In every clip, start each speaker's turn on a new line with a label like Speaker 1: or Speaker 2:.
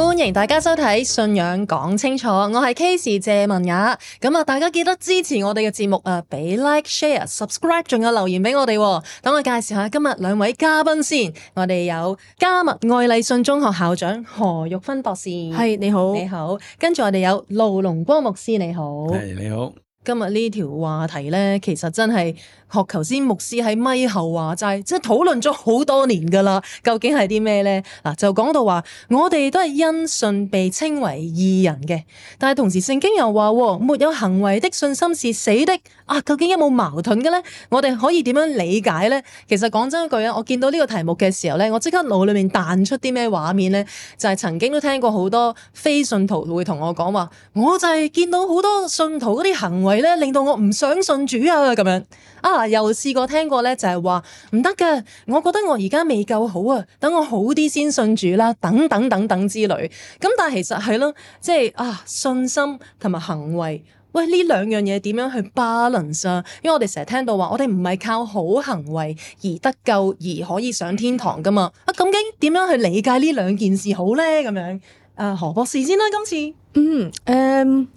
Speaker 1: 歡迎大家收睇《信仰講清楚》，我係 Case 謝文雅。咁啊，大家記得支持我哋嘅節目啊，俾 like、share、subscribe，仲有留言俾我哋。等我介紹下今日兩位嘉賓先。我哋有加密愛禮信中學校長何玉芬博士，係。你好，你好。你好，跟住我哋有盧龍光牧師，你好，係你好。今日呢條話題呢，其實真係。學頭先牧師喺咪後話齋，即係討論咗好多年㗎喇，究竟係啲咩咧？嗱、啊，就講到話，我哋都係因信被稱為義人嘅，但係同時聖經又話、哦，沒有行為的信心是死的。啊，究竟有冇矛盾嘅咧？我哋可以點樣理解咧？其實講真一句啊，我見到呢個題目嘅時候咧，我即刻腦裏面彈出啲咩畫面咧？就係、是、曾經都聽過好多非信徒會同我講話，我就係見到好多信徒嗰啲行為咧，令到我唔想信主啊咁樣啊。但又試過聽過咧，就係話唔得嘅。我覺得我而家未夠好啊，等我好啲先信主啦，等等等等之類。咁但係其實係咯，即係啊，信心同埋行為，喂呢兩樣嘢點樣去 balance？因為我哋成日聽到話，我哋唔係靠好行為而得救，而可以上天堂噶嘛。啊，究竟點樣去理解呢兩
Speaker 2: 件事好咧？咁樣啊，何博士先啦，今次嗯誒。呃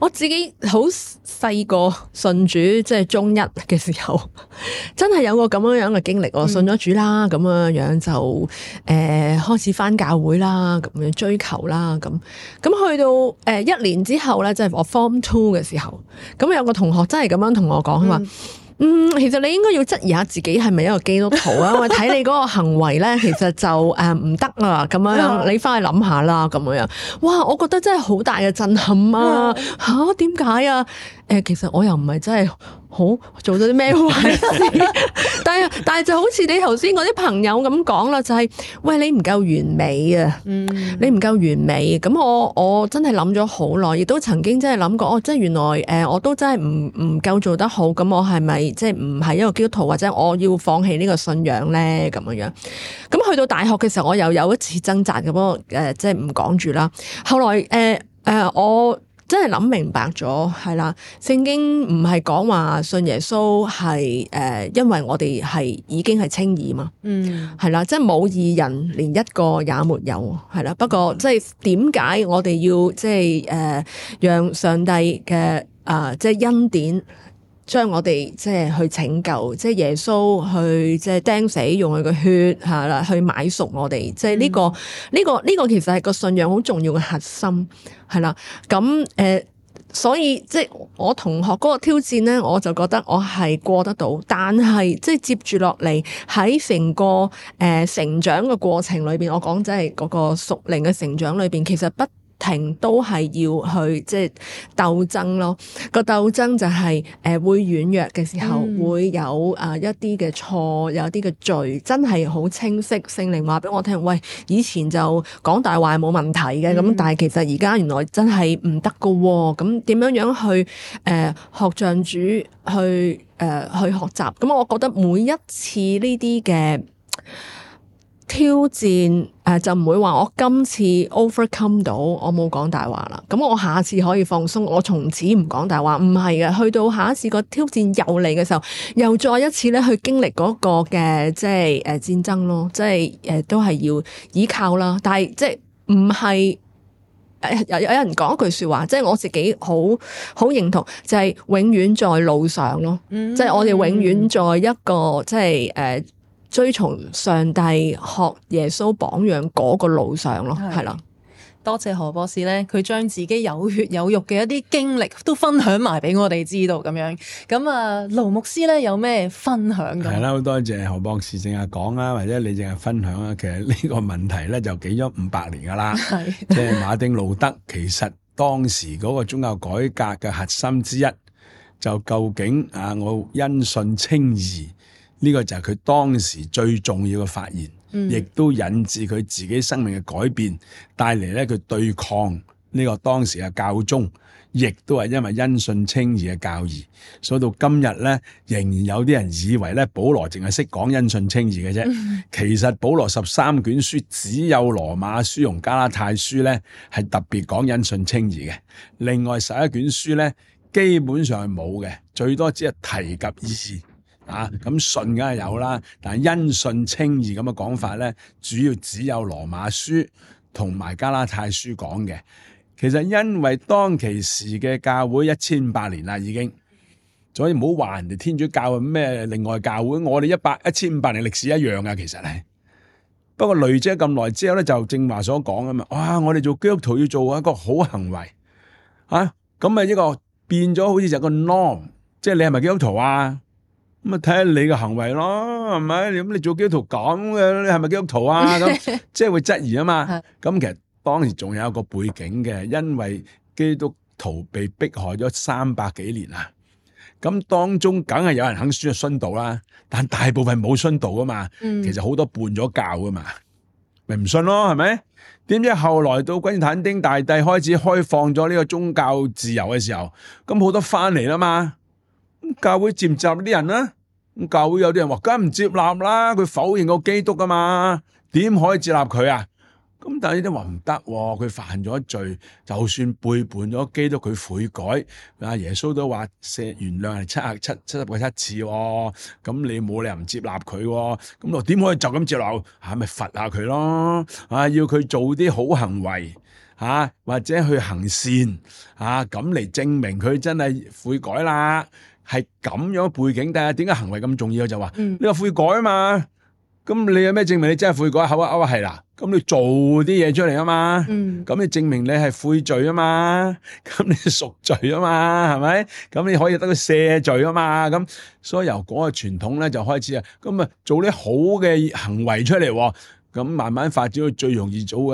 Speaker 2: 我自己好細個信主，即係中一嘅時候，真係有個咁樣樣嘅經歷。我信咗主啦，咁樣樣就誒開始返教會啦，咁樣追求啦，咁咁去到誒一年之後咧，即係我 Form Two 嘅時候，咁有個同學真係咁樣同我講，話、嗯。嗯，其實你應該要質疑下自己係咪一個基督徒啊？我睇 你嗰個行為咧，其實就誒唔得啦，咁、 嗯啊、樣你翻去諗下啦，咁樣。哇，我覺得真係好大嘅震撼啊！吓，點解啊？誒，其實我又唔係真係好做到啲咩壞事，但係但係就好似你頭先嗰啲朋友咁講啦，就係、是、喂你唔夠完美啊，你唔夠完美，咁我我真係諗咗好耐，亦都曾經真係諗過，哦，即係原來誒、呃，我都真係唔唔夠做得好，咁我係咪即係唔係一個基督徒，或者我要放棄呢個信仰咧？咁樣樣，咁去到大學嘅時候，我又有一次掙扎嘅，我呃、不誒即係唔講住啦。後來誒誒、呃呃、我。真係諗明白咗，係啦，聖經唔係講話信耶穌係誒、呃，因為我哋係已經係稱義嘛，嗯，係啦，即係冇義人連一個也沒有，係啦。不過即係點解我哋要即係誒、呃，讓上帝嘅啊、呃，即係恩典。將我哋即係去拯救，即係耶穌去即係釘死，用佢個血吓啦去買贖我哋，即係、這、呢個呢、嗯這個呢、這個其實係個信仰好重要嘅核心，係啦。咁誒、呃，所以即係我同學嗰個挑戰咧，我就覺得我係過得到，但係即係接住落嚟喺成個誒、呃、成長嘅過程裏邊，我講即係嗰個屬靈嘅成長裏邊，其實不。停都係要去即係鬥爭咯，個鬥爭就係、是、誒、呃、會軟弱嘅時候、嗯、會有誒一啲嘅錯，有一啲嘅罪，真係好清晰。聖靈話俾我聽，喂，以前就講大話冇問題嘅，咁、嗯、但係其實而家原來真係唔得噶，咁點樣樣去誒、呃、學像主去誒、呃、去學習？咁我覺得每一次呢啲嘅。挑戰誒、呃、就唔會話我今次 overcome 到，我冇講大話啦。咁我下次可以放鬆，我從此唔講大話。唔係嘅，去到下一次個挑戰又嚟嘅時候，又再一次咧去經歷嗰個嘅即係誒戰爭咯，即係誒都係要依靠啦。但係即係唔係誒有有人講一句説話，即係我自己好好認同，就係、是、永遠在路上咯。Mm hmm. 即係我哋永遠在一個即係誒。呃 mm hmm. 追從上帝學耶穌榜樣嗰個路上咯，係啦的。
Speaker 1: 的多謝何博士咧，佢將自己有血有肉嘅一啲經歷都分享埋俾我哋知道咁樣。咁啊，盧牧師咧有咩分享？係
Speaker 3: 啦，好多謝何博士啱先講啦，或者你啱先分享啊。其實呢個問題咧就幾咗五百年噶啦，即係是的 馬丁路德。其實當時嗰個宗教改革嘅核心之一，就究竟啊，我因信稱義。呢個就係佢當時最重要嘅發言，亦、嗯、都引致佢自己生命嘅改變，帶嚟咧佢對抗呢個當時嘅教宗，亦都係因為因信稱義嘅教義。所以到今日咧，仍然有啲人以為咧，保羅淨係識講因信稱義嘅啫。嗯、其實保羅十三卷書只有羅馬書同加拉太書咧係特別講因信稱義嘅，另外十一卷書咧基本上係冇嘅，最多只係提及而已。啊，咁信梗係有啦，但係因信稱義咁嘅講法咧，主要只有羅馬書同埋加拉太書講嘅。其實因為當其時嘅教會一千八年啦已經，所以唔好話人哋天主教咩另外教會，我哋一百一千五百年歷史一樣啊，其實係。不過累積咗咁耐之後咧，就正話所講啊嘛。哇，我哋做基督徒要做一個好行為啊，咁啊一個變咗好似就個 norm 即係你係咪基督徒啊？咁咪睇下你嘅行為咯，係咪？咁你做基督徒咁嘅，你係咪基督徒啊？咁即係會質疑啊嘛。咁 其實當時仲有一個背景嘅，因為基督徒被迫害咗三百幾年啦。咁當中梗係有人肯輸入殉道啦，但大部分冇殉道噶嘛。其實好多叛咗教噶嘛，咪唔、嗯、信咯，係咪？點知後來到君士坦丁大帝開始開放咗呢個宗教自由嘅時候，咁好多翻嚟啦嘛。教會接唔接納啲人啊？咁教會有啲人話梗唔接納啦，佢否認個基督噶嘛，點可以接納佢啊？咁但係啲人話唔得，佢犯咗罪，就算背叛咗基督，佢悔改，阿耶穌都話赦原諒係七啊七七十個七次，咁、哦、你冇理由唔接納佢，咁、哦、點可以就咁接納？係、啊、咪罰下佢咯？啊，要佢做啲好行為啊，或者去行善啊，咁嚟證明佢真係悔改啦。係咁樣背景，但係點解行為咁重要？就話你話悔改啊嘛，咁你有咩證明你真係悔改？口啊口啊係啦，咁你做啲嘢出嚟啊嘛，咁你證明你係悔罪啊嘛，咁你贖罪啊嘛，係咪？咁你可以得到赦罪啊嘛，咁所以由嗰個傳統咧就開始啊，咁啊做啲好嘅行為出嚟，咁慢慢發展到最容易做嘅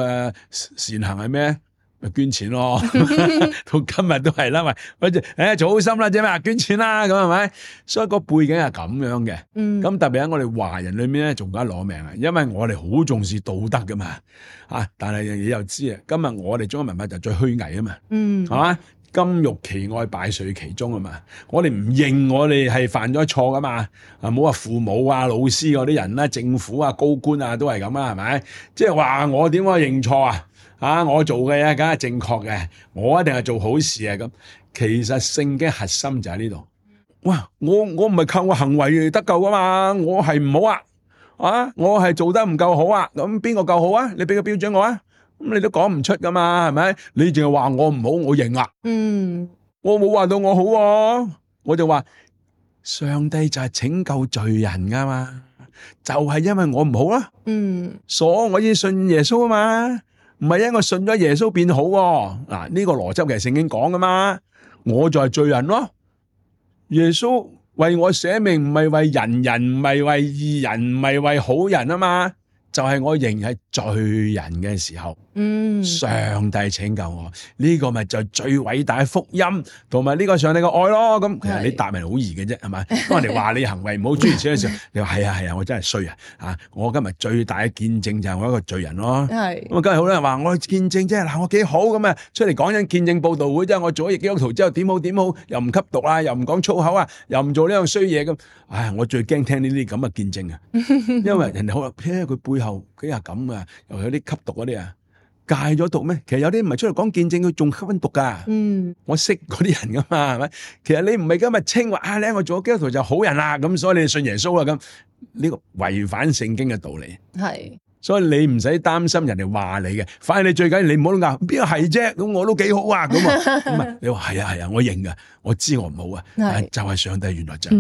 Speaker 3: 善行係咩？咪捐錢咯， 到今日都係啦，咪，反正，誒，做好心啦啫嘛，捐錢啦，咁係咪？所以個背景係咁樣嘅，嗯，咁特別喺我哋華人裏面咧，仲加攞命啊，因為我哋好重視道德噶嘛，啊，但係你又知啊，今日我哋中國文化就最虛偽啊嘛，嗯，係嘛，金玉其外，敗絮其中啊嘛，我哋唔認我哋係犯咗錯噶嘛，啊，冇話父母啊、老師嗰啲人啦、啊、政府啊、高官啊都係咁啊，係咪？即係話我點可以認錯啊？啊！我做嘅嘢梗係正確嘅，我一定係做好事啊！咁其實聖經核心就喺呢度。哇！我我唔係靠我行為得救噶嘛？我係唔好啊！啊！我係做得唔夠好啊！咁、啊、邊個夠好啊？你畀個標準我啊！咁、嗯、你都講唔出噶嘛？係咪？你淨係話我唔好？我認啊！嗯，我冇話到我好、啊，我就話上帝就係拯救罪人噶嘛，就係、是、因為我唔好啦、啊。嗯，所以我要信耶穌啊嘛。唔係啊！因為我信咗耶穌變好嗱，哦、呢、呢個邏輯其實聖經講噶嘛，我就係罪人咯。耶穌為我捨命唔係為人人，唔係為義人，唔係為好人啊嘛，就係、係、我仍然係罪人嘅時候。
Speaker 1: 嗯，上
Speaker 3: 帝拯救我，呢、這個咪就最偉大嘅福音，同埋呢個上帝嘅愛咯。咁其實你答咪好易嘅啫，係咪？當人哋話你行為唔好，諸如此類嘅時候， 你話係、嗯嗯、啊係啊，我真係衰人啊！我今日最大嘅見證就係我一個罪人咯。
Speaker 2: 咁
Speaker 3: 啊，今日好多人話我見證啫，嗱，我幾好咁啊，出嚟講緊見證報道會，即係我做咗幾幅圖之後，點好點好，又唔吸毒啊，又唔講粗口啊，又唔做呢樣衰嘢咁。唉、啊，我最驚聽呢啲咁嘅見證啊，因為人哋好話，呸、欸！佢背後佢啊咁啊，又有啲吸毒嗰啲啊。啊戒咗毒咩？其實有啲唔係出嚟講見證，佢仲吸緊毒噶。嗯，我識嗰啲人噶嘛，係咪？其實你唔係今日清話啊，你我做基督徒就好人啦，咁所以你信耶穌啦、啊，咁呢、這個違反聖經嘅道理。係。所以你唔使擔心人哋話你嘅，反而你最緊要你唔好都話邊個係啫，咁我都幾好啊，咁 啊，唔係你話係啊係啊，我認噶，我知我唔好啊，就係上帝原來就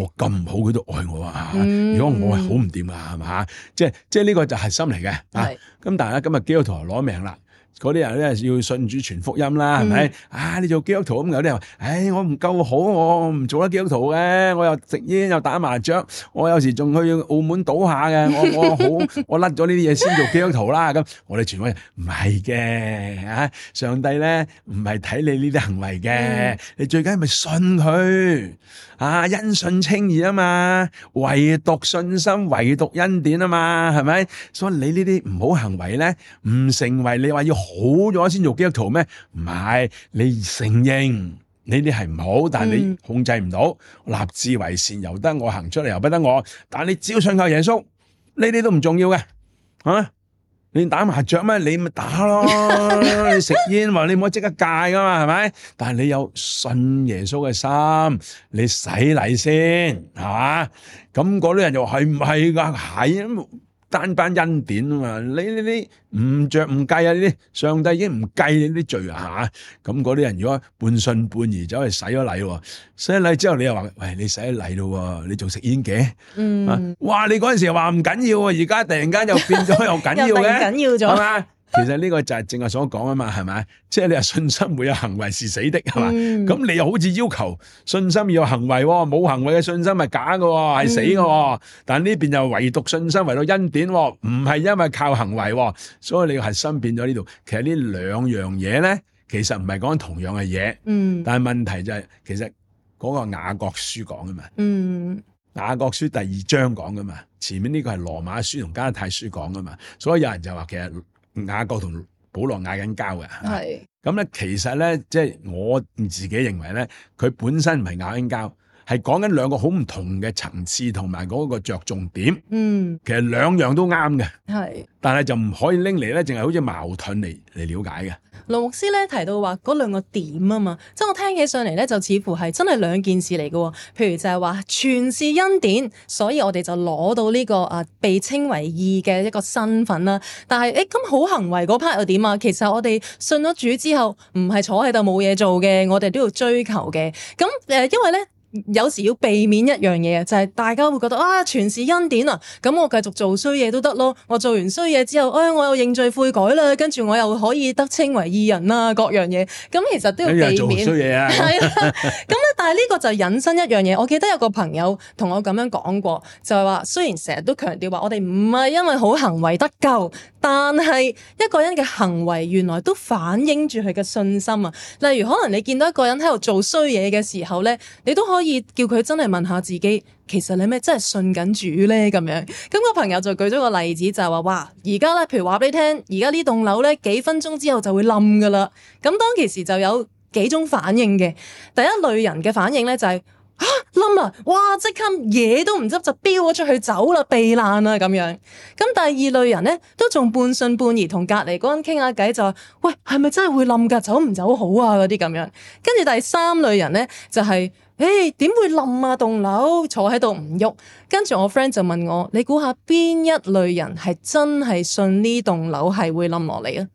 Speaker 3: 我咁唔好佢都愛我啊，如果我係好唔掂啊，係嘛，即係即係呢個就係核心嚟嘅啊，咁大家今日基督徒攞命啦。嗰啲人咧要信主傳福音啦，係咪啊？啊，你做基督徒咁有啲人話，唉，我唔夠好，我唔做得基督徒嘅，我又食煙又打麻雀，我有時仲去澳門賭下嘅，我我好我甩咗呢啲嘢先做基督徒啦。咁我哋傳福音唔係嘅，啊，上帝咧唔係睇你呢啲行為嘅，你最緊要咪信佢啊，因信稱義啊嘛，唯獨信心，唯獨恩典啊嘛，係咪？所以你呢啲唔好行為咧，唔成為你話要好咗先做基督徒咩？唔係，你承認呢啲係唔好，但係你控制唔到，嗯、立志為善由得我行出嚟，又不得我。但係你只要信靠耶穌，呢啲都唔重要嘅。啊，你打麻雀咩？你咪打咯。 你食煙話你唔好即刻戒噶嘛，係咪？但係你有信耶穌嘅心，你洗禮先係嘛？咁嗰啲人就係唔係噶？係、啊。單單恩典啊嘛，你你你唔着唔計啊呢啲，上帝已經唔計你啲罪啊嚇，咁嗰啲人如果半信半疑走去洗咗禮喎，洗咗禮之後你又話，喂，你洗咗禮咯喎，你仲食煙嘅？嗯，啊、哇你嗰陣時話唔緊要喎，而家突然間又變咗又緊要嘅。緊 要咗嘛。其實呢個就係正話所講啊嘛，係咪？即係你話信心會有行為是死的，係嘛？咁、嗯、你又好似要求信心要有行為，哦，冇行為嘅信心係假嘅，哦，係死嘅，哦。嗯、但呢邊又唯獨信心唯獨恩典，哦，唔係因為靠行為，哦，所以你個核心變咗呢度。其實呢兩樣嘢咧，其實唔係講同樣嘅嘢。嗯。但係問題就係、是，其實嗰個雅各書講噶嘛。嗯。雅各書第二章講噶嘛。前面呢個係羅馬書同加拉太書講噶嘛。所以有人就話，其實。雅各同保羅嗌緊交嘅，係咁咧，其實咧，即係我自己認為咧，佢本身唔係嗌緊交。係講緊兩個好唔同嘅層次同埋嗰個著重點。嗯，其實兩樣都啱嘅。係是，但係就唔可以拎嚟咧，淨係好似矛盾嚟嚟了解嘅。
Speaker 1: 盧牧師咧提到話嗰兩個點啊嘛，即係我聽起上嚟咧，就似乎係真係兩件事嚟嘅、哦。譬如就係話全是恩典，所以我哋就攞到呢、這個啊、呃、被稱為義嘅一個身份啦、啊。但係誒咁好行為嗰 part 又點啊？其實我哋信咗主之後，唔係坐喺度冇嘢做嘅，我哋都要追求嘅。咁誒、呃呃，因為咧。有時要避免一樣嘢，就係大家會覺得啊，全是恩典啊，咁我繼續做衰嘢都得咯。我做完衰嘢之後，哎我又認罪悔改啦，跟住我又可以得稱為義人啦，各樣嘢，咁其實都要避免。衰嘢、哎、啊，係啦。咁啊，但係呢個就引申一樣嘢。我記得有個朋友同我咁樣講過，就係話，雖然成日都強調話，我哋唔係因為好行為得救。但係一個人嘅行為原來都反映住佢嘅信心啊！例如可能你見到一個人喺度做衰嘢嘅時候呢，你都可以叫佢真係問下自己，其實你係咪真係信緊主呢？咁樣，咁個朋友就舉咗個例子，就係話：哇！而家呢，譬如話俾你聽，而家呢棟樓呢，幾分鐘之後就會冧噶啦！咁，當其時就有幾種反應嘅，第一類人嘅反應呢，就係。啊，冧啦！哇，即刻嘢都唔執就飆咗出去走啦，避難啊咁樣。咁第二類人咧，都仲半信半疑，同隔籬嗰人傾下偈就話：喂，係咪真係會冧噶？走唔走好啊？嗰啲咁樣。跟住第三類人咧，就係誒，點會冧啊？棟樓坐喺度唔喐。跟住我 friend 就問我：你估下邊一類人係真係信呢棟樓係會冧落嚟啊？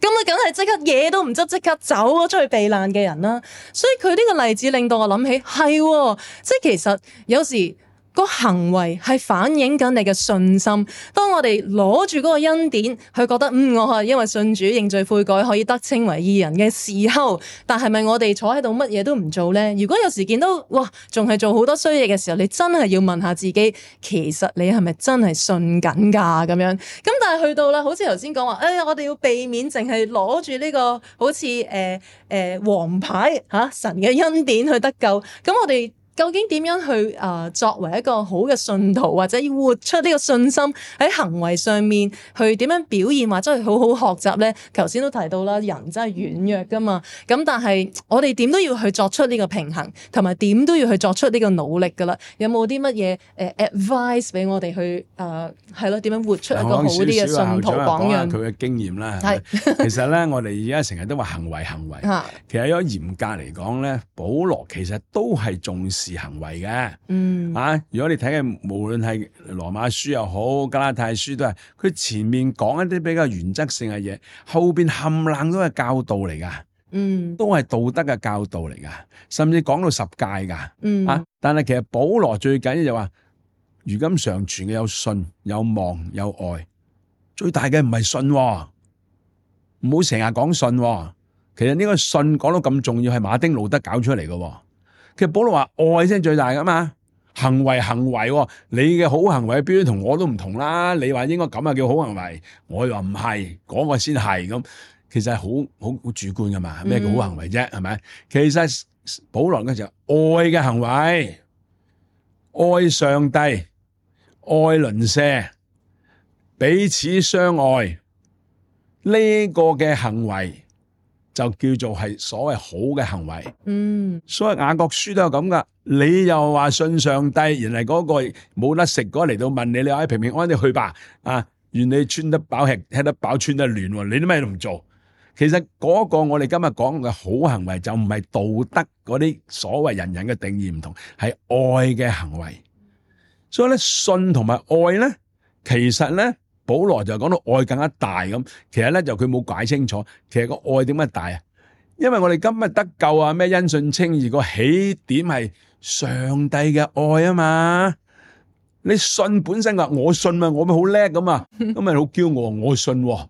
Speaker 1: 咁啊，梗係即刻嘢都唔執，即刻走咗出去避難嘅人啦。所以佢呢個例子令到我諗起，係喎，即其實有時。個行為係反映緊你嘅信心。當我哋攞住嗰個恩典，去覺得嗯，我係因為信主認罪悔改，可以得稱為義人嘅時候，但係咪我哋坐喺度乜嘢都唔做咧？如果有時見到哇，仲係做好多衰嘢嘅時候，你真係要問下自己，其實你係咪真係信緊噶？咁樣咁，但係去到啦，好似頭先講話，誒、哎，我哋要避免淨係攞住呢個好似誒誒黃牌吓、啊、神嘅恩典去得救。咁我哋。究竟點樣去誒作為一個好嘅信徒，或者要活出呢個信心喺行為上面去點樣表現，或者係好好學習咧？頭先都提到啦，人真係軟弱噶嘛，咁但係我哋點都要去作出呢個平衡，同埋點都要去作出呢個努力噶啦。有冇啲乜嘢誒 advice 俾我哋去誒係咯？點樣活出一個好啲嘅信徒榜樣
Speaker 3: 佢嘅經驗啦。係是的 其實咧，我哋而家成日都話行為行
Speaker 1: 為，
Speaker 3: 其實如果嚴格嚟講咧，保羅其實都係重視。是行為嘅，嗯啊！如果你睇嘅無論係羅馬書又好，加拉太書都係，佢前面講一啲比較原則性嘅嘢，後邊冚冷都係教導嚟噶，嗯，都係道德嘅教導嚟噶，甚至講到十誡噶，嗯啊！嗯但係其實保羅最緊要就話，如今常存嘅有信有望有愛，最大嘅唔係信、喎，唔好成日講信、喎，其實呢個信講到咁重要係馬丁路德搞出嚟嘅、喎。其實保羅話愛先係最大噶嘛，行為行為、哦，你嘅好行為標準同我都唔同啦，你話應該咁啊叫好行為，我又話唔係，嗰、那個先係咁，其實係好好主觀噶嘛，咩叫好行為啫，係咪、嗯？其實保羅嘅時候，愛嘅行為，愛上帝，愛鄰舍，彼此相愛呢、這個嘅行為。就叫做係所謂好嘅行為，
Speaker 1: 嗯，
Speaker 3: 所謂雅各書都係咁噶。你又話信上帝，原嚟嗰個冇得食嗰嚟到問你，你可以平平安安地去吧。啊，願你穿得飽，吃吃得飽，穿得暖。你都咩都唔做。其實嗰個我哋今日講嘅好行為，就唔係道德嗰啲所謂人人嘅定義唔同，係愛嘅行為。所以咧，信同埋愛咧，其實咧。保羅就講到愛更加大咁，其實咧就佢冇解清楚，其實個愛點解大啊？因為我哋今日得救啊，咩因信稱義個起點係上帝嘅愛啊嘛。你信本身嘅我信嘛，啊，我咪好叻咁啊，咁咪好驕傲，我信，啊。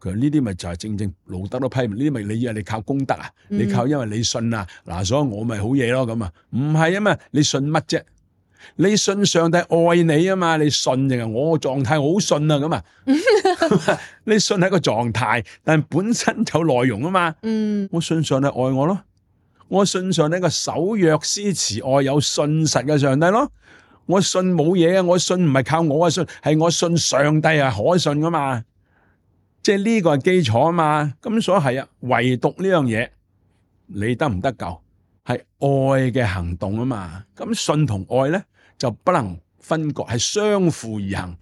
Speaker 3: 佢話呢啲咪就係正正路德都批評呢啲咪你以為，你靠功德啊，你靠因為你信啊，嗱所以我咪好嘢咯咁啊，唔係啊嘛，你信乜啫？你信上帝愛你啊嘛？你信定係我狀態好信啊咁啊？ 你信係一個狀態，但係本身有內容啊嘛？嗯，我信上帝愛我咯，我信上帝個守約施慈愛有信實嘅上帝咯，我信冇嘢啊，我信唔係靠我嘅信，係我信上帝係可信噶嘛？即係呢個係基礎啊嘛，咁所以係啊，唯獨呢樣嘢你得唔得救係愛嘅行動啊嘛？咁信同愛咧？就不能分割，係相輔而行。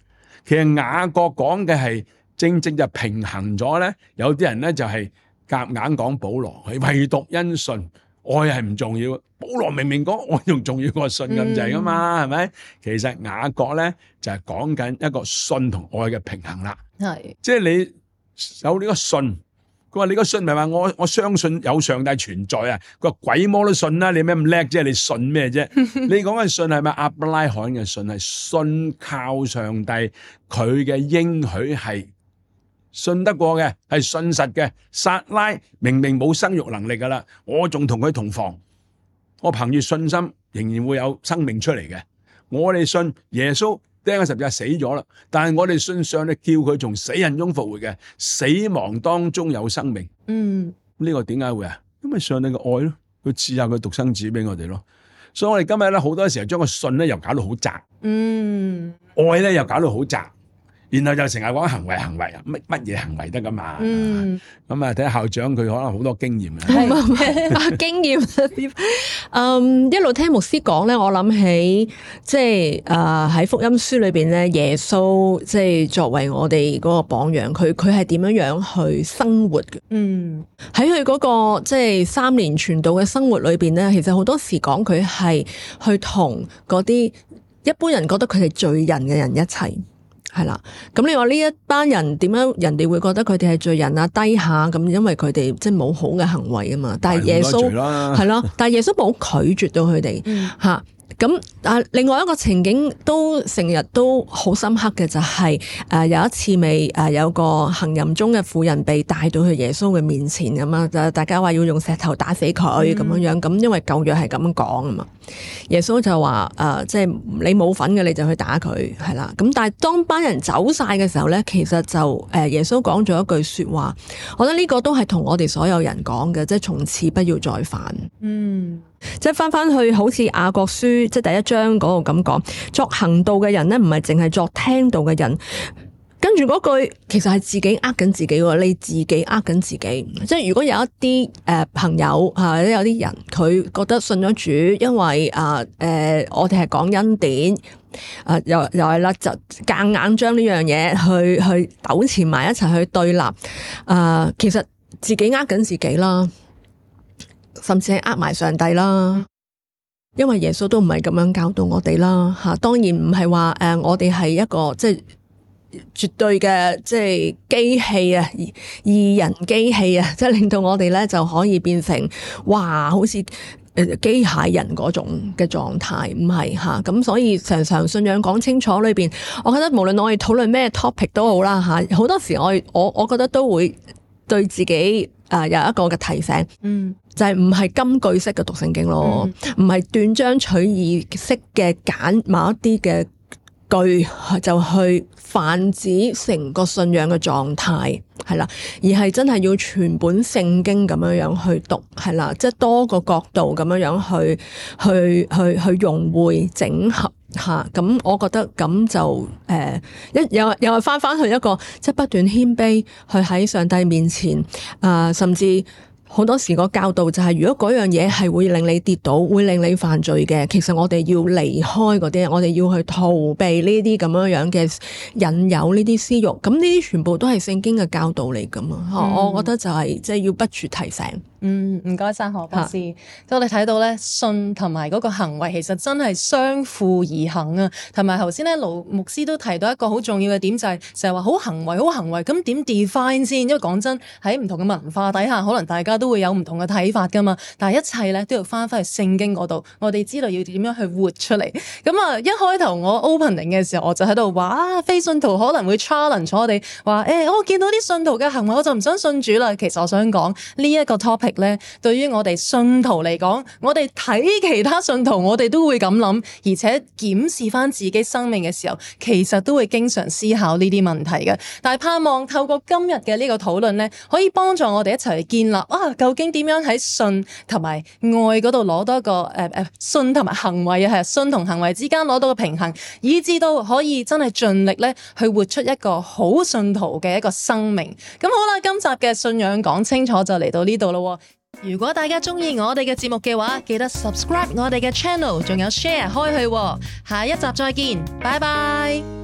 Speaker 3: 其實雅各講嘅係正正就平衡咗咧。有啲人咧就係夾硬講保羅，佢唯獨因信，愛係唔重要。保羅明明講愛仲重要過信咁滯噶嘛，係咪？其實雅各咧就係講緊一個信同愛嘅平衡啦。係，即係你有呢個信。佢話你個信唔係話我，我相信有上帝存在啊！佢話鬼魔都信啦，你咩咁叻啫？你信咩啫？你講嘅信係咪阿伯拉罕嘅信？係信靠上帝，佢嘅應許係信得過嘅，係信實嘅。撒拉明明冇生育能力噶啦，我仲同佢同房，我憑住信心仍然會有生命出嚟嘅。我哋信耶穌。釘咗十字架死咗啦，但係我哋信上咧叫佢從死人中復活嘅，死亡當中有生命。嗯，呢個點解會啊？因為上帝嘅愛咯，佢賜下佢獨生子俾我哋咯，所以我哋今日咧好多時候將個信咧又搞到好窄，嗯，愛咧又搞到好窄。然後就成日講行為行為，乜乜嘢行為得噶嘛？咁啊、嗯，睇下校長佢可能好多經驗啊。係、嗯、
Speaker 2: 經驗，嗯，一路聽牧師講咧，我諗起即係誒喺福音書裏邊咧，耶穌即係作為我哋嗰個榜樣，佢佢係點樣樣去生活嘅？嗯，喺佢嗰個即係三年傳道嘅生活裏邊咧，其實好多時講佢係去同嗰啲一般人覺得佢係罪人嘅人一齊。係啦，咁你話呢一班人點樣？人哋會覺得佢哋係罪人啊、低下咁，因為佢哋即係冇好嘅行為啊嘛。但係耶穌係咯，但係耶穌冇拒絕到佢哋吓。咁、嗯、啊，另外一個情景都成日都好深刻嘅就係、是、誒、呃，有一次未誒有、呃、有個行淫中嘅婦人被帶到去耶穌嘅面前咁啊，就大家話要用石頭打死佢咁樣樣，咁、嗯、因為舊約係咁樣講啊嘛。耶穌就話誒、呃，即係你冇份嘅，你就去打佢，係啦。咁但係當班人走晒嘅時候呢，其實就誒，耶穌講咗一句說話，我覺得呢個都係同我哋所有人講嘅，即係從此不要再犯。嗯，即係翻翻去好似雅各書即係第一章嗰度咁講，作行道嘅人呢，唔係淨係作聽道嘅人。跟住嗰句，其實係自己呃緊自己喎，你自己呃緊自己。即係如果有一啲誒、呃、朋友，吓或者有啲人，佢覺得信咗主，因為啊誒、呃呃，我哋係講恩典，啊又又係啦，就夾硬，硬將呢樣嘢去去糾纏埋一齊去對立。啊，其實自己呃緊自己啦，甚至係呃埋上帝啦，因為耶穌都唔係咁樣教導我哋啦。吓、啊，當然唔係話誒，我哋係一個即係。絕對嘅即係機器啊，二人機器啊，即係令到我哋咧就可以變成哇，好似機械人嗰種嘅狀態，唔係吓咁，所以常常信仰講清楚裏邊，我覺得無論我哋討論咩 topic 都好啦吓，好多時我我我覺得都會對自己誒有一個嘅提醒，嗯，就係唔係金句式嘅讀聖經咯，唔係斷章取義式嘅揀某一啲嘅。句就去泛指成個信仰嘅狀態，係啦，而係真係要全本聖經咁樣樣去讀，係啦，即係多個角度咁樣樣去去去去融滙整合吓。咁我覺得咁就誒，一又又係翻翻去一個即係不斷謙卑去喺上帝面前啊，甚至。好多時個教導就係、是，如果嗰樣嘢係會令你跌倒，會令你犯罪嘅，其實我哋要離開嗰啲，我哋要去逃避呢啲咁樣樣嘅引誘，呢啲私欲，咁呢啲全部都係聖經嘅教導嚟噶嘛。我、嗯、我覺得就係即係要不絕提醒。
Speaker 1: 嗯，唔該晒何博士。啊，我哋睇到咧，信同埋個行為其實真係相輔而行啊。同埋頭先咧，盧牧師都提到一個好重要嘅點就係成日話好行為好行為，咁點 define 先？因為講真，喺唔同嘅文化底下，可能大家都會有唔同嘅睇法噶嘛。但係一切咧都要翻返去聖經嗰度，我哋知道要點樣去活出嚟。咁啊，一開頭我 opening 嘅時候，我就喺度話啊，非信徒可能會 challenge 咗我哋話，誒我見到啲信徒嘅行為，我就唔想信主啦。其實我想講呢一個 topic。咧對於我哋信徒嚟講，我哋睇其他信徒，我哋都會咁諗，而且檢視翻自己生命嘅時候，其實都會經常思考呢啲問題嘅。但係盼望透過今日嘅呢個討論咧，可以幫助我哋一齊嚟建立啊，究竟點樣喺信同埋愛嗰度攞多一個誒誒、啊啊、信同埋行為啊，係信同行為之間攞到個平衡，以至到可以真係盡力咧去活出一個好信徒嘅一個生命。咁、嗯、好啦，今集嘅信仰講清楚就嚟到呢度咯。如果大家中意我哋嘅節目嘅話，記得 subscribe 我哋嘅 channel，仲有 share 開去哦。下一集再見，拜拜。